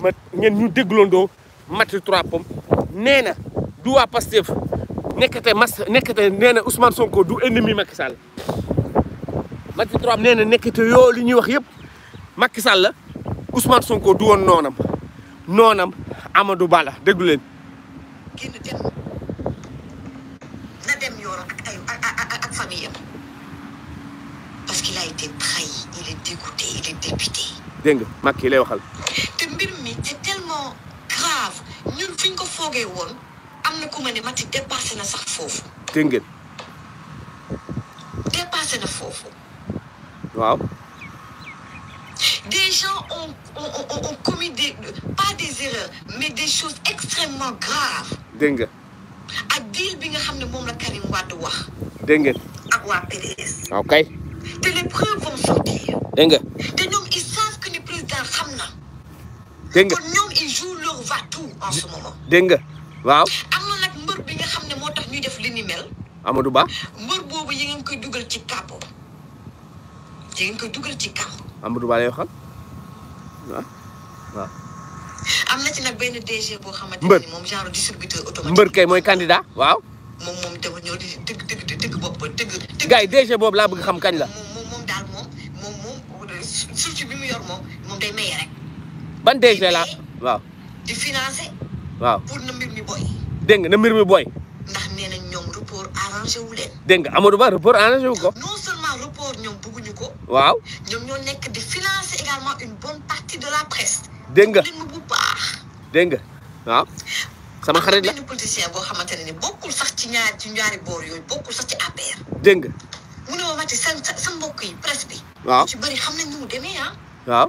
ma ngeen ñu dégloondoo Maty Trois Pommes nee na du waa Pastef nekkate mas nekkate nee na Sonko du ennemi Macky Sall Maty Trois Pommes yoo li ñuy wax yëpp Macky Sall la Ousmane Sonko du woon noonam noonam Amadou Ba la déglu leen. génn na dem yoonam ak ay parce qu'il a été trahi il est dégoûté il est dépité. dégg nga Macky lay waxal. c'est tellement grave ñun fi ko foogee woon am na ku Mati dépassé na sax dépassé des gens ont ont ont commis des pas des erreurs mais des choses extrêmement graves. dégg nga. la Karim les vont sortir. dégg nga kon ñoom ils jouent leur dégg nga waaw. am na nag mbër bi nga xam ne moo tax ñuy def li ni mel. Amadou Ba. mbër boobu yi ngeen koy dugal ci kàmb. yi ngeen koy dugal ci kàmb. Amadou Ba lay waxal waaw waaw. am na ci nag benn DG boo xamante ne moom genre distributeur automatique. mbër kay mooy candidat waaw. moom moom dafa ñëw di dëgg dëgg dëgg bopp dëgg. gars yi DG boobu laa bëgg xam kañ la. moom moom daal moom moom moom surtout bi mu moom moom day maye rek. ban DG la waaw. di financer waaw pour na mbir mi boy. deng na mbir mi boy. ndax nee ñom report arrangé wu len deng Amadou Ba report arrangé wu ko. non seulement report ñoom bëgguñu ko. waaw ñom ñoo nekk di financer également une bonne partie de la presse. deng nga bu baax. dégg nga waaw. sama xarit la benn politicien boo xamante ni bokul sax ci ñaar ci ñaari bor yoy bokul sax ci APR. deng nga. mu ne ma ci sa mbokk yi presse bi. waaw ci bari xam nañ ñu démé ha waaw.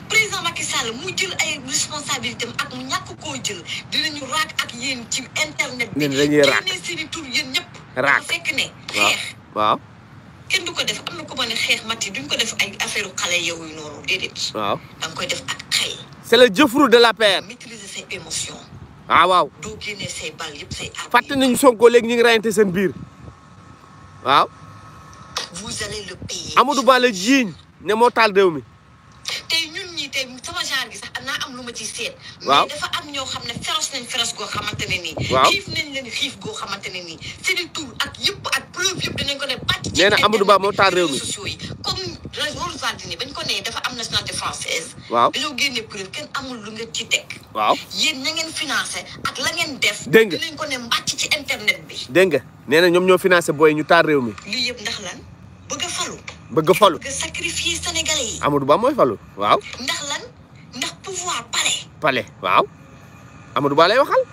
Sall mu jël ay responsabilité am ak mu ñàkk koo jël dinañu raak ak yéen ci internet bi. ñun dañuy raak génne seen i tur yéen ñëpp. raak fekk ne. xeex waaw. kenn du ko def am na ko ma ne xeex Mati duñ ko def ay affaire xale yow yu noonu déedéet. waaw da nga koy def ak xel. c'est le jëfru de la paix. maîtriser ses émotions. ah waaw doo génnee say bal yëpp say. fàtte nañu Sonko léegi ñu ngi rayante seen biir waaw. vous allez le payer. Amadou Ba la jiiñ ne moo taal réew mi. Wow. waaw dafa am nañ nañ seen ak ak preuve ko ne Amadou Ba mi comme bañ ko dafa am nationalité française. waaw preuve amul lu ci waaw na ngeen ak la ngeen def. ko ne ci internet bi. nga ñu mi. ndax lan bëgg falu. bëgg falu bëgg sacrifier sénégalais Amadou Ba falu waaw. ndax pouvoir palais. palais waaw Amadou balay waxal.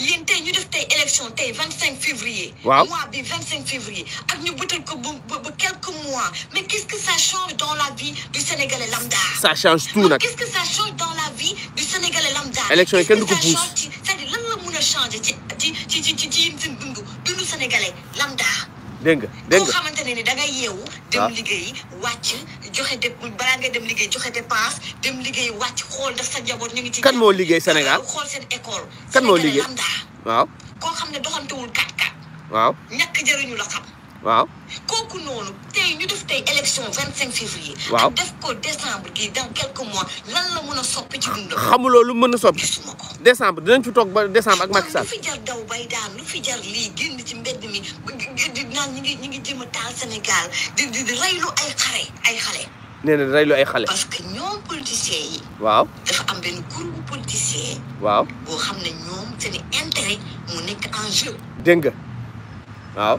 yéen tey ñu def tay élection tay 25 février. waaw mois bi 25 février ak ñu bëtal ko bu quelques mois mais qu'est-ce que ça change dans la vie du Sénégalais lambda. ça change tout nak qu'est-ce que ça change dans la vie du Sénégalais lambda. élection yi kenn du pousse cest à lan la mëna changer ci ci ci ci ci ci ci Sénégalais lambda. dégg nga ko nga da ngay yewu dem ah. liggéey wacc joxe de balaa ngay dem liggéey joxe dépense dem liggéey wàcc xool daf sa njaboot ñu ngi ci. kan moo liggéey Sénégal xool seen école. kan moo liggéey Sénégal waaw. koo xam ne doxantewul kat kat. waaw ñàkk jëriñu la xam. waaw kooku noonu tey ñu def tey élection vingt cinq février. waaw def ko décembre gi dans quelques mois lan la mën a soppi ci dundam. xamuloo lu mën a soppi. gisuma ko décembre dinañ fi toog ba décembre ak Macky Sall. lu fi jar daw bay ngi ñi a taal Sénégal di di di reylu ay xare ay xale. nee na reylu ay xale. parce que ñoom politiciens yi. waaw dafa am benn groupe politicien. waaw boo xam ne ñoom seen intérêt mu nekk en jeu. waaw.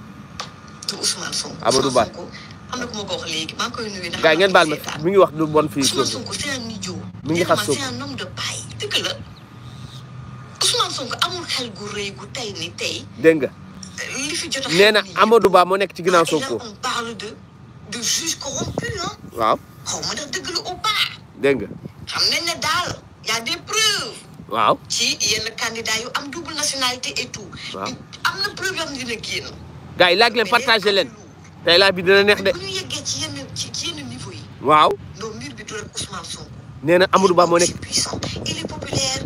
du Ousmane Ba am na ku ma ko wax lu bon fii. Ousmane Sonko c'est un idiot. mi ngi xas gu rëy gu tey ni nga. Euh, li fi jot a nee moo nekk ci ginnaaw Sonko. on parle de de juge corrompu ah. waaw xaw ma def dëgg la ou pas. dégg nga. xam daal y a des preuves. waaw ci yenn candidat yu am double nationalité waaw am na preuve yoo dina génn. gars yi laaj leen partagé leen tey laaj bi dina neex de. waaw. nee na Amadou Ba moo nekk. il est populaire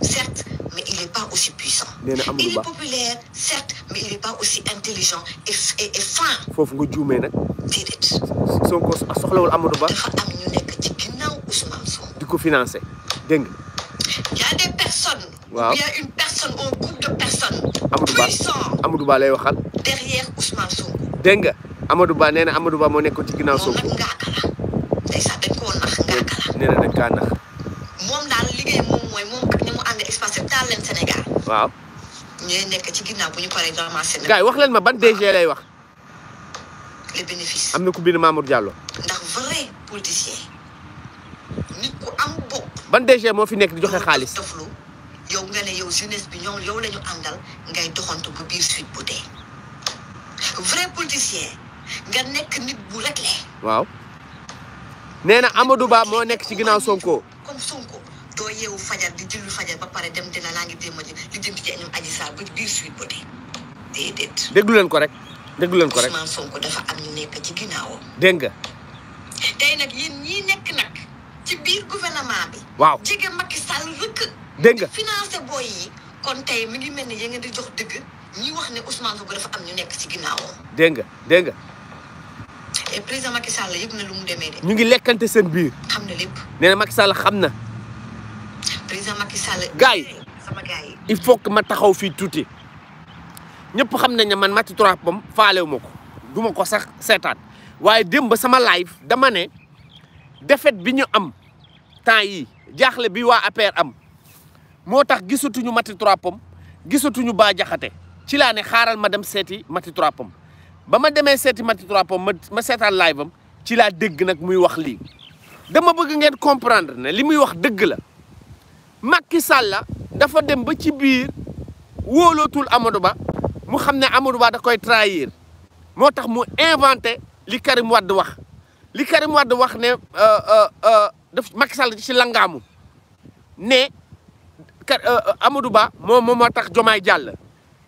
certes mais il est pas aussi puissant. il est populaire certes mais il est pas aussi intelligent et et fin. foofu nga juumee nag. déedéet. Sonko soxlawul Amadou Ba. dafa am ñu nekk ci ginnaaw Ousmane Sonko. di ko financé dégg y a des personnes. Il y a une personne un groupe de personnes. Amadou Ba Amadou Ba lay waxal. Ousmane Sonko. dégg nga Amadou Ba nee na Amadou Ba moo nekkoon ci ginnaaw Sonko. ko nag ngaaka la ndeysaan dañ koo nax ngaaka la. nee dañ kaa nax. moom daal liggéey moom mooy moom ak ñi mu ànd espace taal leen Sénégal. waaw. ñooy nekk ci ginnaaw bu ñu paree ramassé. wax leen ma ban DG lay wax. les bénéfices. am na ku biir Mamour Diallo. ndax vrai politicien nit ku am bopp. ban DG moo fi nekk di joxe xaalis. yow nga ne yow jeunesse bi ñoom yow la ñu àndal ngay doxantu bu biir suite bu vrai politicien nga nekk nit bu réglé. waaw nee na Amadou Ba moo nekk ci ginnaaw Sonko. comme Sonko doo yeewu fajar di julli fajar ba pare dem dina naa ngi dem a li jëm ci ñoom Adji Sarr ba biir suite ba tey déedéet. déglu ko rek déglu ko rek Ousmane Sonko dafa am ñu nekk ci ginnaawam. dégg nga. tey nag yéen ñii nekk nag ci biir gouvernement bi. waaw jege Macky Sall rëkk. dégg nga financé booy yi kon tey mi ngi mel ni yéen nga di jox dëgg. ñi wax ne Ousmane Sonko dafa am ñu nekk ci ginnaawam. dégg nga dégg nga. et président Macky Sall yëg na lu mu demee de. ñu ngi lekkante seen biir. xam na lépp nee na Macky Sall xam na. président Macky Sall. gars sama gars il faut que ma taxaw fii tuuti ñëpp xam nañ man Maty Trois Pommes faalewu ma ko du ko sax seetaan waaye démb sama live dama ne défaite bi ñu am temps yi jaaxle bi waa APR am moo gisatuñu Maty Trois gisatuñu Bah Diakhaté ci la ne xaaral ma dem séti Mati Trois ba ma Mati Trois ma sétal live am ci la dégg nak muy wax li dama bëgg ngeen comprendre né limuy wax dëgg la Macky Sall dafa dem ba ci biir wolotul Amadou Ba mu xamné Amadou Ba da koy trahir motax mu inventer li Karim Wade wax li Karim Wade wax ne euh, euh, euh Macky Sall ci langamu ne euh, Amadou Ba mo mo tax Jomay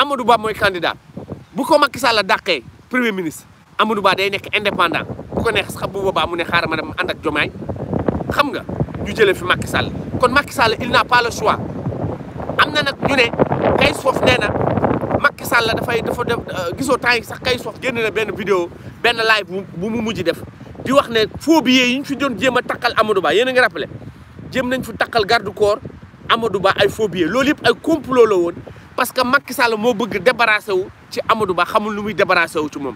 Amadou baa mooy candidat bu ko Macky Sall dàqee premier ministre Amadou Ba day nekk indépendant bu ko neex sax bu boobaa mu ne xaaral ma dem ànd ak Jomaay xam nga ñu jëlee fi Macky Sall kon Macky Sall il n'a pas le choix am nag ñu ne nee na Macky Sall dafay dafa def euh, gisoo temps sax kay soof génn na benn vidéo benn live bu mu mujj def di wax ne faux yi ñu fi doon jéem a takkal Amadou Ba yéen a ngi rappelé jéem nañ fi takkal garde corps Amadou Ba ay faux loolu yëpp ay complot la woon parce que Macky Sall moo bëgg débarrassé wu ci Amadou Ba xamul lu muy débarrassé wu ci moom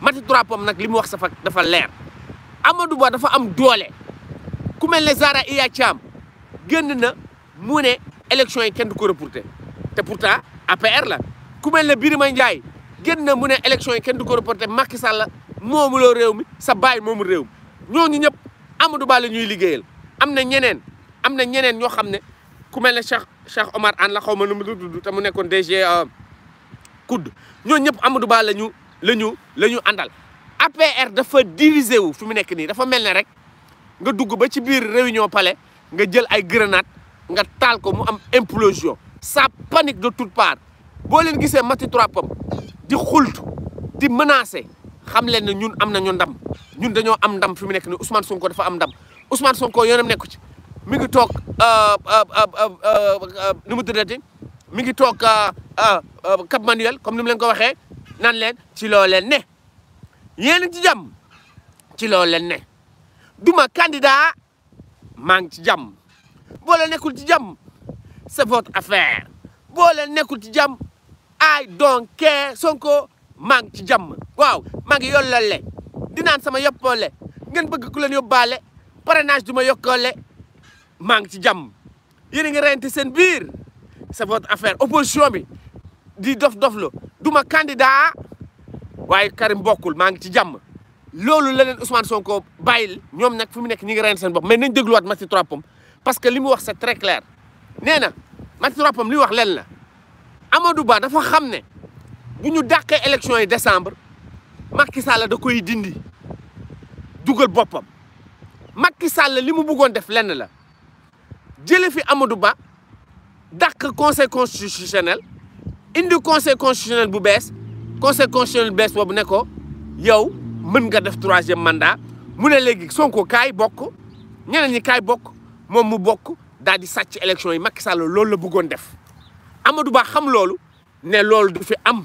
mat Trois nag li mu wax safa dafa leer Amadou Ba dafa am doole ku mel ne Zahra Iyane Thiam génn na mu ne élection yi kenn du ko reporté te pourtant APR la ku mel ne Birima Ndiaye génn na mu ne élection yi kenn du ko reporté Macky Sall moomu loo réew mi sa baay moomu réew mi ñooñu ñëpp Amadou Ba ñuy liggéeyal am na ñeneen am na ñeneen ñoo xam ne ku mel ne Cheikh Cheikh Omar Anne la xaw ma nu mu tudd te mu nekkoon DG COUD euh, ñoo ñëpp Amadou Ba la ñu la ñu la ñu àndal. APR dafa diviser wu fi mu nekk nii dafa mel ne rek nga dugg ba ci biir réunion pale nga jël ay grenade nga taal ko mu am implosion. ça panique de tout parts boo leen gisee Mati Trois Pommes di xult di menacer xam leen ne ñun am nañu ndam ñun dañoo am ndam fi mu nekk nii Ousmane Sonko dafa am dam Ousmane Sonko yoonam nekku ci. mi ngi toog euh, euh, euh, nu mu tuddati mi ngi toog Cap Manuel comme ni mu leen ko waxee nan leen ci loo ne yéen ci jàmm ci loo leen ne duma kandidaa maa ngi ci jàmm boo nekkul ci jàmm c'est votre affaire boo nekkul ci jàmm I don't care Sonko maa ngi ci jàmm waaw maa ngi yollale dinaan sama yoppoole ngeen bëgg ku leen yóbbaale parrainage du ma yokkoole mang ci jam yene nga ngi sen bir sa c'est affaire opposition bi di dof dof lo, duma candidat waye Karim bokul mang ci jam lolou la len Ousmane Sonko bayil ñom nak fimu nek ñi nga reyante sen bop mais nañ dégluwaat Maty Trois Pommes parce que limu wax c'est très clair nee na Maty Trois li wax len la Amadou Ba dafa xam bu ñu élection yi décembre Macky Sall da koy dindi duggal bopam Macky Sall limu bëggon def lenn la jëlé fi Amadou Ba dàq conseil constitutionnel indi conseil constitutionnel bu bess conseil constitutionnel bess bobu ne ko yow mën nga def 3e mandat mu ne légui Sonko kay bokk ñeneen ñi kay bokk mom mu bokk dal di sàcc élection yi Macky Sall loolu la bëggoon def Amadou Ba xam loolu ne loolu du fi am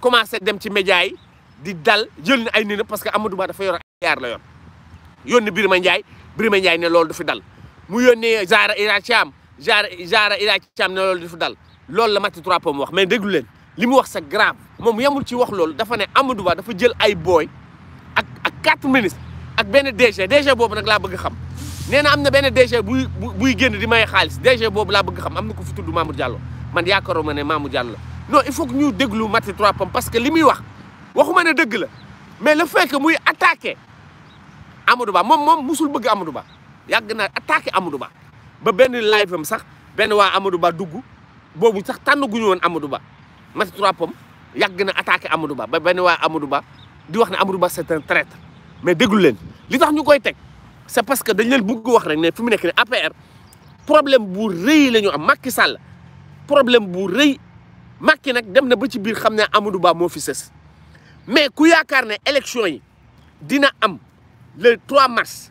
commencé dem ci média yi di dal yónni ay nina parce que Amadou Ba dafa yor ay yaar la yor yónni Birima ndjay Birima ndjay ne loolu du fi dal mu yónnee Zahra Iyane Thiam Zahra Zahra Iyane Thiam ne loolu dafa dal loolu la Maty Trois Pommes mu wax mais déglu leen li mu wax sa grave moom yemul ci wax loolu dafa ne Amadou dafa jël ay booy ak ak quatre ministres ak benn DG DG boobu nag laa bëgg xam nee am na benn DG buy buy génn di may xaalis DG boobu laa bëgg xam am na ko fi tudd Mamour Diallo man yaakaaroo ma ne Mamour Diallo la non il faut que ñu déglu Maty Trois Pommes parce que li muy wax waxuma ne dëgg la mais le fait que muy attaqué Amadou Ba moom moom musul bëgg Amadou yàgg naa attaque Amadou Ba benn live am sax benn waa Amadou Ba dugg boobu sax tànnaguñu woon Amadou Ba Maty Trois Pommes yàgg na attaqué Amadou Ba benn waa Amadou Ba di wax ne Amadou Ba c'est un traître mais déglu leen li tax ñu koy teg c'est parce que dañ leen bugg wax rek ne fi nekk ne APR problème bu rëy la ñu am Macky sàll problème bu rëy Macky nag dem na ba ci biir xam ne Amadou Ba moo fi sës mais ku yaakaar ne élection yi dina am le 3 mars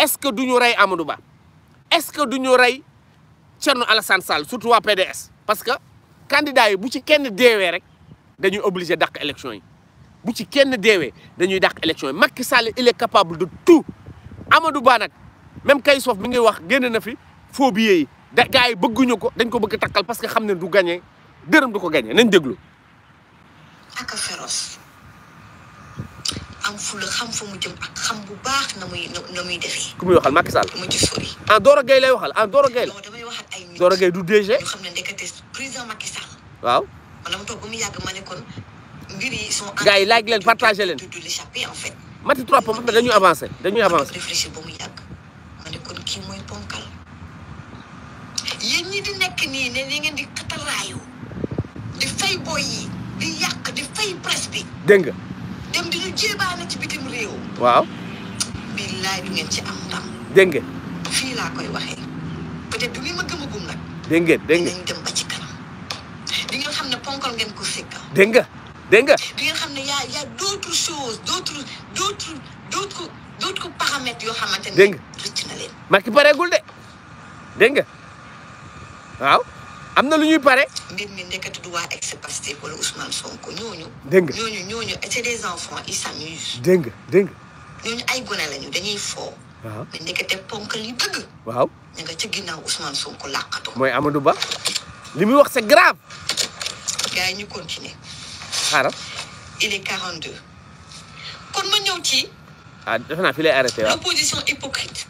est-ce que du ñu rey Amadou Ba est-ce que du ñu rey Thierno Alassane Sall surtout waa PDS parce que candidat yi bu ci kenn deewee rek dañuy obligé dàq élection yi bu ci kenn deewee dañuy dàq élection yi Macky Sall il est capable de tout Amadou Ba nag même kay soof mi ngi wax génn na fi faux billets yi da gars yi bëgguñu ko dañ ko bëgg takkal parce que xam ne du gagné dërëm du ko gagné nañ déglu. am fula xam fa mu xam bu baax na muy na muy defee. ku muy waxal ma ci sori. ah Doro Gueye lay waxal ah Doro Gueye la. non damay xam ne ndekete waaw. man dama toog mu yàgg ma ne kon mbir yi yi laaj leen partagé leen. du du l'échappé en fait. mati dañuy avancé dañuy avancé. ba mu yàgg ma ne kon kii mooy ponkal. yéen ñi di nekk nii ne ni ngeen di katalaayu. di fay boy di yàq di fay presse bi. dem di ñu jébaane ci bitim réew. waaw. billaay du ngeen ci am ndam. dégg ngeen. fii laa koy waxee peut-être du ngeen ma gëmagum nag. dégg ngeen dégg ngeen dem ba ci kanam. di xam ne ponkal ngeen ko sekkal. dégg nga dégg nga. di ngeen xam ne y' a y' a d' autres choses d' autres d' autres d' autres d' autres paramètres yoo xamante ne. dégg nga leen. Macky pareegul de dégg waaw. amna na lu ñuy pare. mbir mi nekati du wa ex-Pastef wala Ousmane Sonko ñooñu. dégg nga ñooñu et c'est des enfants ils s'amusent. deng deng dégg nga. ñooñu ay gone lañu dañuy fo waaw mais nekkate ponk li bëgg. waaw nga ci ginnaw Ousmane Sonko làqatu. moy Amadou Ba limi wax c'est grave. gars ñu continuer. xaram il est 42. kon ma ñëw ci. ah defe naa fi lay arrêter waaw l'opposition hypocrite.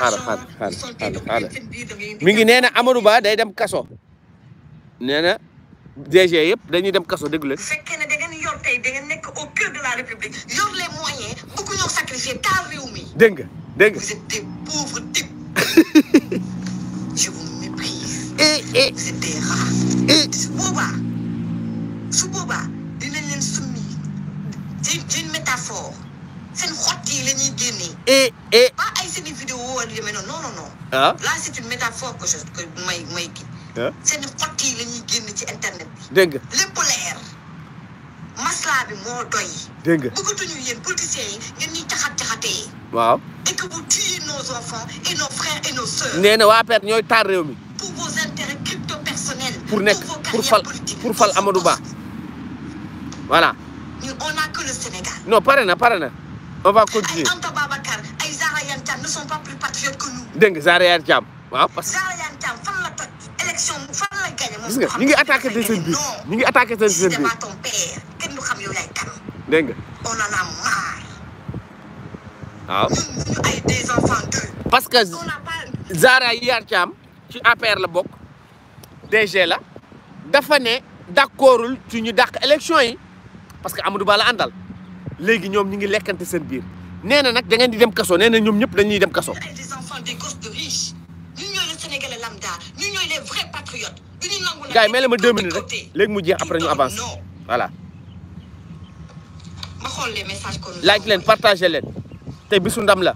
xaaral xaaral xaaral xaaral mi ngi nee na Amadou Ba day dem kaso nee na DG yëpp dañuy dem kaso déglu leen. fekkee ne da ngeen yor tey da ngeen nekk au cœur de la république yor les moyens bu ko ñoo sacrifier taal réew mi. dégg nga dégg nga. vous êtes des pauvres types. je vous méprise. et eh, et eh. vous êtes des rats. et eh. su boobaa su boobaa dinañ leen summi di di une métaphore seen xott yi la ñuy génnee. et et. produire mais non non non non. ah là c' une métaphore que je que may may kii. ah seen xott yi la ñuy génn ci internet bi. dégg nga lépp leer. maslaa bi moo doy. dégg nga bëggatuñu yéen politiciens yi ngeen ñuy caxat caxatee. waaw et que vous tuez nos enfants et nos frères et nos soeurs. nee wa waa ñoy ñooy taar mi. pour vos intérêts crypto personnels. pour nek pour fal pour fal Amadou Ba. voilà. ñun on n'a que le Sénégal. non pare na on va continuer. ay Anta Babacar ay ne sont pas patriote que nous. dégg nga Zahra Iyane Thiam waaw parce que. Zahra Iyane Thiam ngi attaqué seen biir ñu ngi attaqué seen seen biir. si damaa ton père kenn du xam yow lay kan. dégg nga. on en a des enfants ci APR la bokk DG la dafa ne d'accordul ci ñu dàq élection yi parce que Amadou Ba la àndal léegi ñoom ñu ngi lekkante seen biir nee na nag da ngeen di dem kaso nee na ñoom ñëpp dañuy dem kaso. gars yi may la ma deux minutes rek léegi mu jeex après ñu avance voilà les messages like leen partagé leen tey bisu ndam la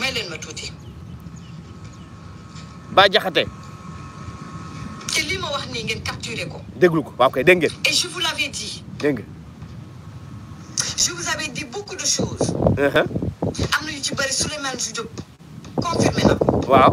may leen ma tuuti ba Diakhaté ci li ma wax ni ngeen capturer ko déglu ko waaw kay déng ngeen et je vous l'avais dit déng je vous avais dit beaucoup de choses uh-huh. am amna yu ci bëri Souleymane Diop confirmé na ko waaw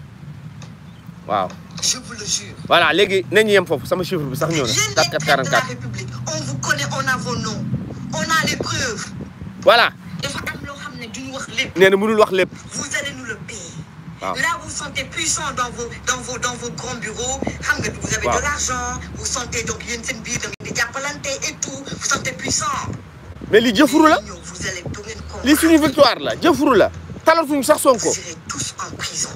waaw je vous le jure. voilà gars, nañu yem foofu sama chiffre bi sax ñëw na. 44 de la République on vous connaît on a vos noms on a les preuves. voilà. Et wax vous allez nous le payer. là vous sentez puissant dans vos dans vos dans vos grands bureaux. vous avez de l'argent vous sentez donc yéen seen biir et tout vous sentez puissant. mais li jëfuru la li suñu victoire la jëfuru la talatuñu sax Sonko. vous serez tous en prison.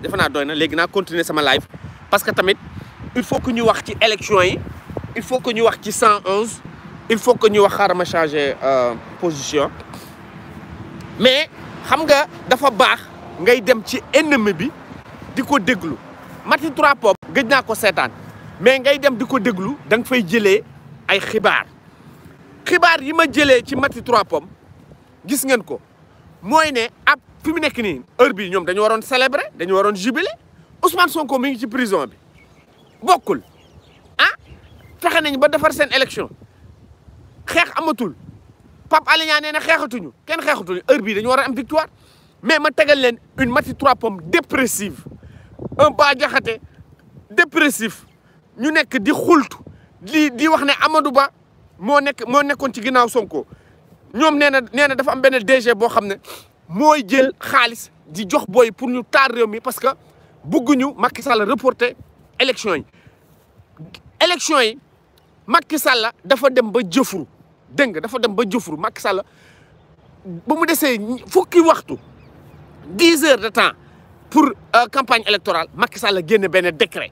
defe naa doy na léegi naa continuer sama live parce que tamit il faut que ñu wax ci élection yi il faut que ñu wax ci 111 il faut que ñu wax xaaral ma changer euh, position mais xam nga dafa baax ngay dem ci ennemi bi di ko déglu Mati trois pop gëj naa ko seetaan mais ngay dem di ko déglu da nga fay jëlee ay xibaar xibaar yi ma jëlee ci Mati trois pom gis ngeen ko mooy ne ab les nekk heure bi ñom dañu célébrer dañu waron Ousmane Sonko mi ngi ci prison bi bokul ah en ba sen élection xex amatul pap na xexatuñu heure bi dañu victoire mais ma une trois dépressive un bagage dépressif ñu nekk di xultu di di wax né Amadou Ba mo nekk mo nekkon ci Sonko ñom néna néna moy jël xaalis di jox Boy pour ñu tar réew mi parce que ñu Macky Sall reporter élection yi. élection yi Macky Sall dafa dem ba jëfru dégg dafa dem ba jëfru Macky Sall ba mu desee fukki waxtu dix heures de temps pour euh, campagne électorale Macky Sall génné benn décret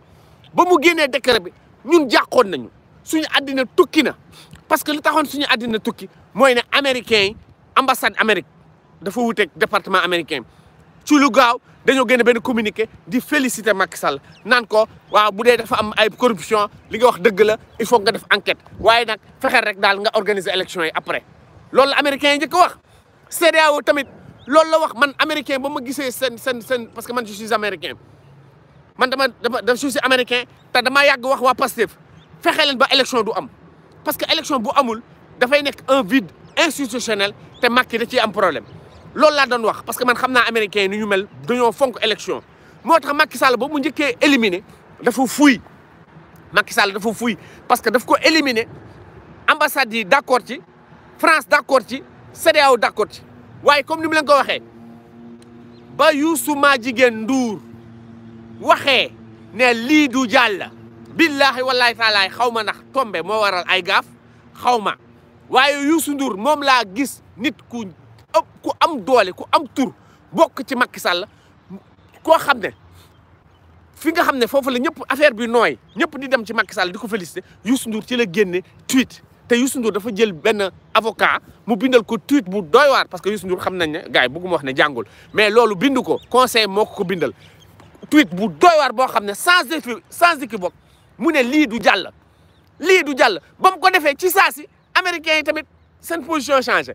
ba mu génnee décret bi ñun jàqoon nañu suñu adina tukki na parce que li taxoon suñu adina tukki moy né américain ambassade Amérique. dafa wuteeg département américain ci lu gaaw dañoo génne benn communiqué di féliciter Macky Sall nan ko waaw bu dee dafa am ay corruption li nga wax dëgg la il faut nga def enquête waaye nag fexeel rek daal nga organiser élection yi après. loolu la américain yi njëkk wax CEDEAO tamit loolu la wax man américain ba ma gisee seen seen seen parce que man je suis américain man dama dama je suis américain te dama yàgg wax waa Pastef fexe leen ba élection du am parce que élection bu amul dafay nekk un vide institutionnel te Macky da ciy am problème. loolu laa doon wax parce que man xam naa américains yi ni ñu mel dañoo fonk élection moo tax Macky Sall ba mu njëkkee éliminé dafa fuy Macky Sall dafa fuy parce que daf ko éliminé ambassades yi d' ci France d' accord ci CEDEAO d' ci waaye comme ni mu leen ko waxee ba Youssou Madjiguène Ndour waxee ne lii du jàll billaahi wallaahi taalaay xaw ma ndax tombe moo waral ay gaaf xaw ma waaye Ndour moom laa gis nit ku ku am doole ku am tour bok ci Macky Sall koo xam fi nga xamne fofu la ñepp affaire bi noy ñepp di dem ci Macky Sall di ko félicité Youssou Ndour ci la génné tweet té Youssou Ndour dafa jël ben avocat mu bindal ko tweet bu doy war parce que Youssou Ndour xamnañ nañ ne gars yi bëgguma wax ne jangul mais lolu bindu ko conseil moko ko bindal tweet bu doy war bo xam sans sans sans équivoque mu ne li du jall li du jall bam ko défé ci saa américain yi tamit sen position changé